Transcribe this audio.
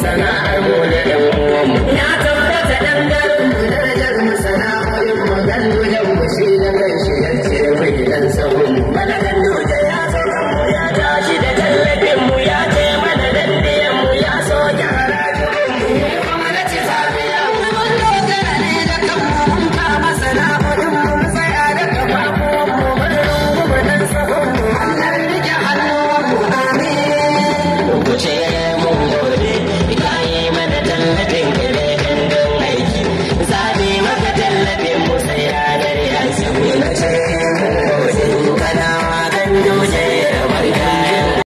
Sana'ar mu da tallafin gire dangan aiki maka tallafin mu sai ranar yanzu. kana